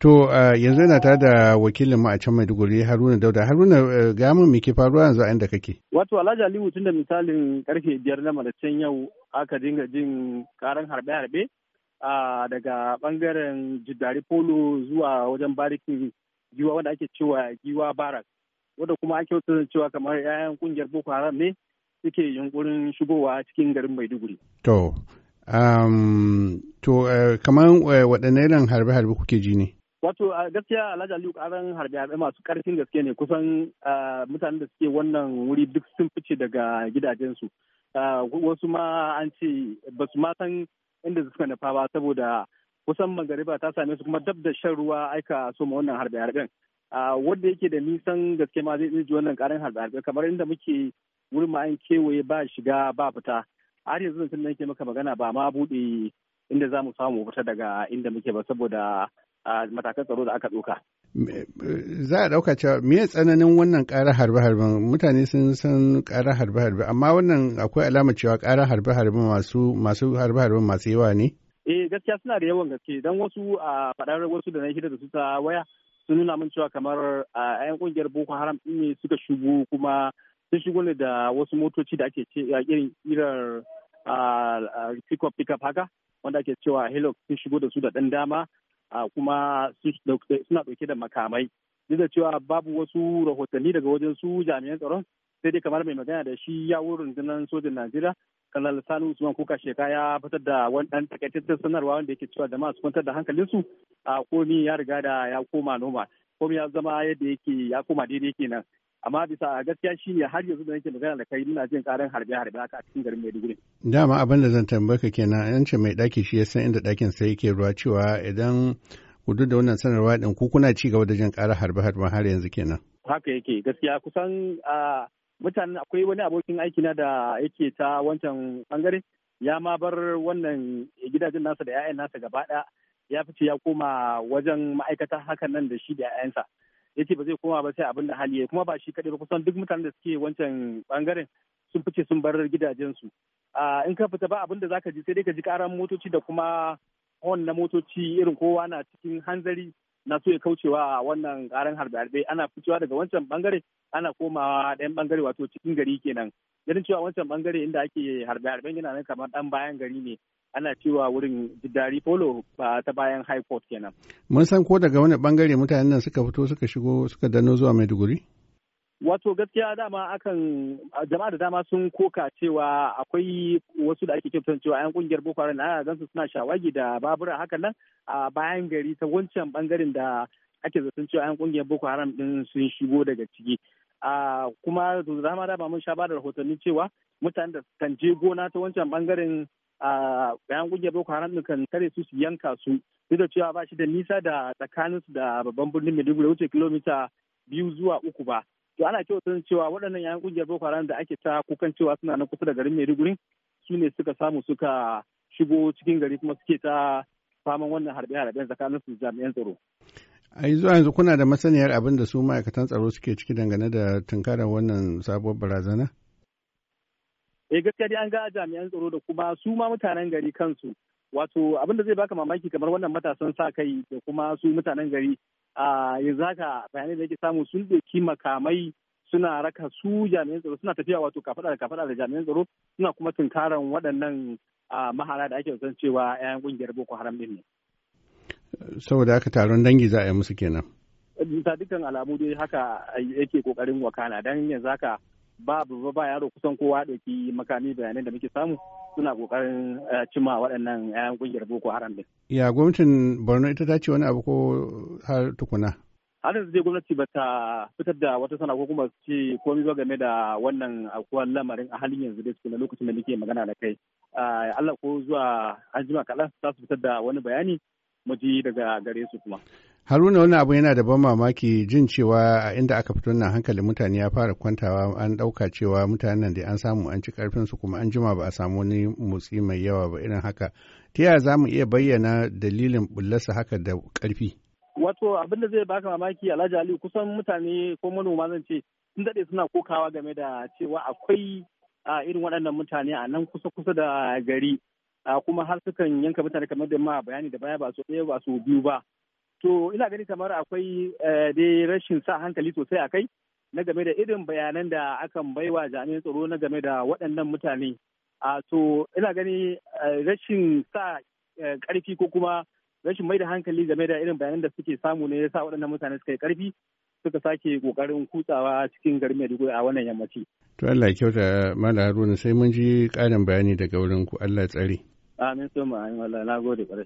To eh, yanzu yana ta da wakilin mu a can Maiduguri Haruna Dauda. Haruna eh, ga mun me faruwa yanzu a inda kake? Wato Alhaji Aliyu da misalin karfe biyar na maraicen yau aka dinga jin karan harbe-harbe daga bangaren Jidari Polo zuwa wajen barikin giwa wanda ake cewa giwa barak wanda kuma ake cewa kamar 'ya'yan kungiyar Boko Haram ne suke yunkurin shigowa cikin garin Maiduguri. To, um, to eh, kamar uh, waɗanne irin harbe-harbe kuke ji ne? Wato a gaskiya Alhaji Aliyu karan harbe harbe masu karfin gaske ne kusan mutanen da suke wannan wuri duk sun fice daga gidajensu. Wasu ma an ce ba su ma san inda suka nufa ba saboda kusan magariba ta same su kuma dab da shan ruwa aika so ma wannan harbe harben. Wanda yake da nisan gaske ma zai ji wannan karin harbe harbe kamar inda muke wurin ma an kewaye ba shiga ba fita. Har yanzu da nake maka magana ba ma buɗe inda za mu samu fita daga inda muke ba saboda a matakan tsaro da aka ɗauka. Za a ɗauka cewa me tsananin wannan ƙara harbe-harben mutane sun san ƙara harbe-harbe amma wannan akwai alama cewa ƙara harbe-harbe masu masu harbe-harben masu yawa ne? Eh gaskiya suna da yawan gaske dan wasu a faɗar wasu da na hira da su ta waya sun nuna min cewa kamar a 'yan ƙungiyar Boko Haram ɗin ne suka shigo kuma sun shigo ne da wasu motoci da ake ce irin irar pick up haka wanda ake cewa Hilux sun shigo da su da ɗan dama kuma suna dauke da makamai duk da cewa babu wasu rahotanni daga wajen su jami'an tsaron sai dai kamar mai magana da shi ya wurin rundunar sojin najeriya kanal sani usman kuka sheka ya fitar da wani ɗan takaitaccen sanarwa wanda yake cewa da masu kwantar da hankalinsu a komi ya riga da ya koma noma komi ya zama yadda yake ya koma daidai kenan amma bisa gaskiya shi ne har yanzu da yake magana da kai muna jin karin harbe-harbe haka a cikin garin Maiduguri. Dama abin da zan tambaka kenan an ce mai ɗaki shi ya san inda ɗakin sai yake ruwa cewa idan ku duk da wannan sanarwa din ku kuna ci gaba da jin karar harbe-harbe har yanzu kenan. Haka yake gaskiya kusan mutanen akwai wani abokin aikina da yake ta wancan bangare ya ma bar wannan gidajen nasa da 'ya'yan nasa gaba ɗaya ya fice ya koma wajen ma'aikata hakan nan da shi da 'ya'yansa. yake ba zai koma ba sai abin da hali ya kuma ba shi kaɗai ba kusan duk mutanen da suke wancan bangaren sun fice sun bar gidajensu in ka fita ba abin da zaka ji sai dai ka ji karan motoci da kuma hon na motoci irin kowa na cikin hanzari na so ya kaucewa a wannan karan harbe-harbe ana ficewa daga wancan bangare ana komawa ɗayan bangare wato cikin gari kenan ganin cewa wancan bangare inda ake harbe-harben yana nan kamar ɗan bayan gari ne ana cewa wurin jidari polo ba ta bayan high court kenan. Mun san ko daga wani bangare mutanen nan suka fito suka shigo suka dano zuwa Maiduguri? Wato gaskiya dama akan jama'a da dama sun koka cewa akwai wasu da ake kyautar cewa yan kungiyar Boko Haram ana gansu suna shawagi da babura hakan nan a bayan gari ta wancan bangaren da ake zaton cewa yan kungiyar Boko Haram din sun shigo daga ciki. a kuma da dama dama mun sha ba da rahotanni cewa mutanen da kan je gona ta wancan bangaren a bayan kungiyar boko haram kan kare su su yanka su duk da cewa ba shi da nisa da tsakanin su da babban birnin maiduguri wuce kilomita biyu zuwa uku ba to ana kyautar cewa waɗannan yayan kungiyar boko haram da ake ta kukan cewa suna nan kusa da garin maiduguri su ne suka samu suka shigo cikin gari kuma suke ta faman wannan harbe-harben tsakanin su jami'an tsaro. a zuwa yanzu kuna da masaniyar abin da su ma'aikatan tsaro suke ciki dangane da tunkarar wannan sabuwar barazana? eh gaskiya dai an ga jami'an tsaro da kuma su ma mutanen gari kansu wato abin da zai baka mamaki kamar wannan matasan sa kai da kuma su mutanen gari a yanzu haka bayanai da yake samu sun ɗauki makamai suna raka su jami'an tsaro suna tafiya wato kafaɗa da kafaɗa da jami'an tsaro suna kuma tunkaran waɗannan mahara da ake san cewa 'yan ƙungiyar boko haram ɗin ne. saboda haka taron dangi za a yi musu kenan. ta dukkan alamu dai haka yake kokarin wakana dan yanzu haka babu ba yaro kusan kowa ɗauki makami bayanai da muke samu suna kokarin eh, cima waɗannan 'ya'yan ƙungiyar boko haram din. ya gwamnatin borno ita ta ce wani abu ko har tukuna har yanzu dai gwamnati ba ta fitar da wata sana ko kuma ce komai ba game da wannan akwai lamarin a halin yanzu su na lokacin da muke magana da kai eh, Allah ko zuwa anjima kaɗan za su fitar da wani bayani mu ji daga gare su kuma. Haruna wani abu yana da ban mamaki jin cewa a inda aka fito nan hankalin mutane ya fara kwantawa an ɗauka cewa mutanen da an samu an ci su kuma an jima ba a samu wani motsi mai yawa ba irin haka. Ta yaya za mu iya bayyana dalilin bullarsa haka da ƙarfi? Wato abin da zai baka mamaki Alhaji Aliyu kusan mutane ko manoma zan ce sun daɗe suna kokawa game da cewa akwai irin waɗannan mutane a nan kusa-kusa da gari kuma har sukan yanka mutane kamar da ma bayani da baya ba su ɗaya ba su biyu ba. to ina gani kamar akwai eh, dai rashin sa hankali sosai a kai na game da irin bayanan da akan baiwa jami'an tsaro na game da waɗannan mutane a to ina gani eh, rashin sa eh, ƙarfi ko kuma rashin mai da hankali game da irin bayanan da suke samu ne ya sa waɗannan mutane suka yi ƙarfi suka sake kokarin kutsawa cikin garin Maiduguri a wannan yammaci. To Allah kyauta Mala Haruna sai mun ji ƙarin bayani daga wurin ku Allah tsare. Amin sun Allah na gode ƙwarai.